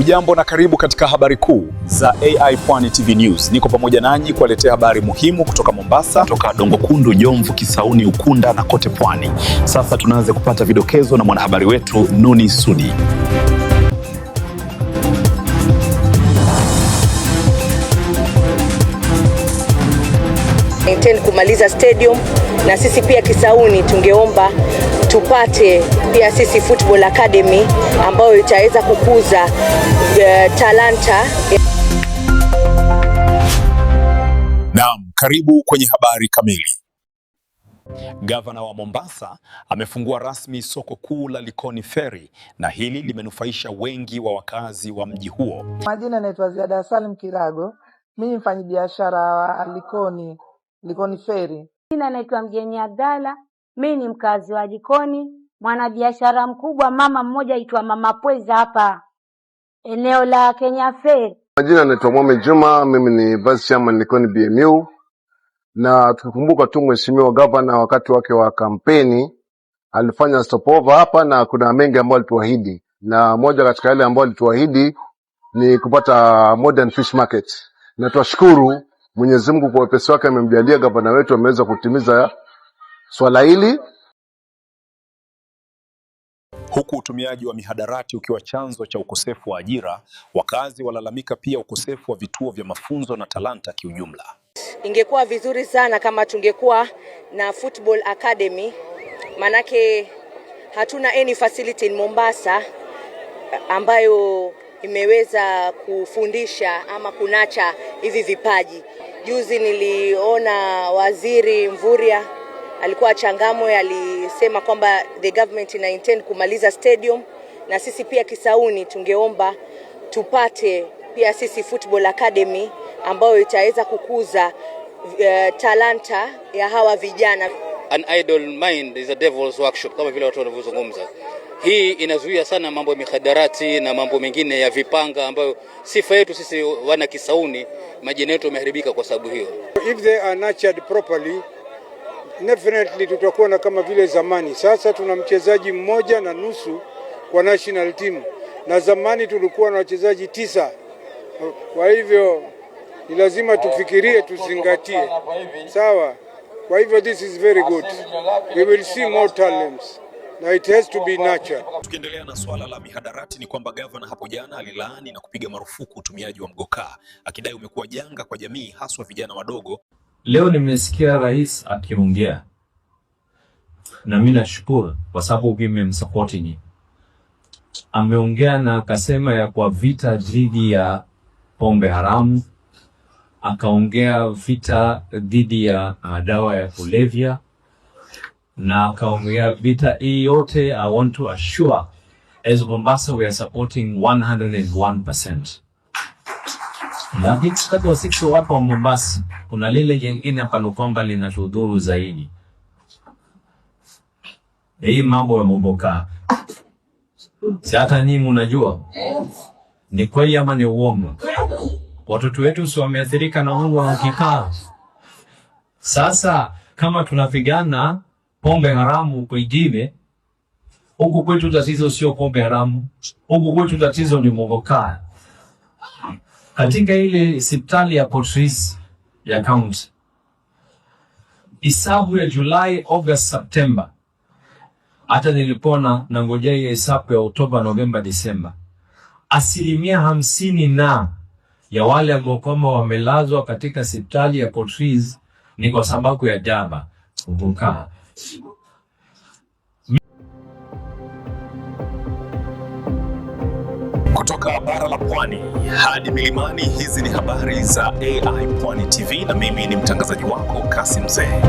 Ujambo na karibu katika habari kuu za AI Pwani TV News. Niko pamoja nanyi kuwaletea habari muhimu kutoka Mombasa, kutoka Dongo Kundu, Jomvu, Kisauni, Ukunda na kote Pwani. Sasa tunaanza kupata vidokezo na mwanahabari wetu Nuni Sudi. kumaliza stadium na sisi pia Kisauni tungeomba tupate pia sisi Football Academy ambayo itaweza kukuza uh, talanta. Naam, karibu kwenye habari kamili. Gavana wa Mombasa amefungua rasmi soko kuu la Likoni Ferry na hili limenufaisha wengi wa wakazi wa mji huo. Majina anaitwa Ziada Salim Kirago, mimi mfanyibiashara wa Likoni, Likoni Ferry. Jina anaitwa Mjeni Abdalla, Mi ni mkazi wa Jikoni, mwanabiashara mkubwa, mama mmoja aitwa Mama Pweza hapa eneo la Kenya Fair. Majina anaitwa mwame Juma, mimi ni vice chairman Likoni BMU, na tukikumbuka tu mheshimiwa gavana wakati wake wa kampeni alifanya stopover hapa, na kuna mengi ambayo alituahidi, na moja katika yale ambayo alituahidi ni kupata modern fish market, na twashukuru Mwenyezi Mungu kwa wepesi wake amemjalia gavana wetu ameweza kutimiza swala hili Huku utumiaji wa mihadarati ukiwa chanzo cha ukosefu wa ajira, wakazi walalamika pia ukosefu wa vituo vya mafunzo na talanta kiujumla. Ingekuwa vizuri sana kama tungekuwa na football academy, manake hatuna any facility in Mombasa eh, ambayo imeweza kufundisha ama kunacha hivi vipaji. Juzi niliona Waziri Mvurya alikuwa Changamwe alisema kwamba the government ina intend kumaliza stadium, na sisi pia Kisauni tungeomba tupate pia sisi football academy ambayo itaweza kukuza uh, talanta ya hawa vijana. An idle mind is a devil's workshop, kama vile watu wanavyozungumza. Hii inazuia sana mambo ya mihadarati na mambo mengine ya vipanga ambayo sifa yetu sisi wana Kisauni, majina yetu yameharibika kwa sababu hiyo. If they are nurtured properly definitely tutakuwa na kama vile zamani. Sasa tuna mchezaji mmoja na nusu kwa national team, na zamani tulikuwa na wachezaji tisa. Kwa hivyo ni lazima tufikirie, tuzingatie, sawa. Kwa hivyo this is very good, we will see more talents na it has to be nurtured. Tukiendelea na swala la mihadarati, ni kwamba gavana hapo jana alilaani na kupiga marufuku utumiaji wa mgokaa, akidai umekuwa janga kwa jamii, haswa vijana wadogo. Leo nimesikia rais akiongea na mi nashukuru kwa sababu imemsapoti nyi. Ameongea na akasema ya kwa vita dhidi ya pombe haramu, akaongea vita dhidi ya uh, dawa ya kulevya, na akaongea vita hii yote. I want to assure as Mombasa we are supporting 101%. Na katika wasixo wapo wa Mombasa kuna lile jengine ambalo kwamba linatudhuru zaidi, hii mambo ya moboka. Si hata nyinyi mnajua ni kweli ama ni uongo? Watoto wetu si wameathirika na huu wakikaa. Sasa kama tunapigana pombe haramu kwingine huku kwetu, tatizo sio pombe haramu, huku kwetu tatizo ni moboka katika ile hospitali ya Port ya kaunti, hisabu ya Julai, August, september hata nilipona na ngojea hiyo hesabu ya Oktoba, Novemba, Disemba, asilimia hamsini na ya wale ambao kwamba wamelazwa katika hospitali ya Port ni kwa sababu ya jaba kuvukaa Kutoka bara la pwani hadi milimani, hizi ni habari za AI Pwani TV, na mimi ni mtangazaji wako Kasim Zee.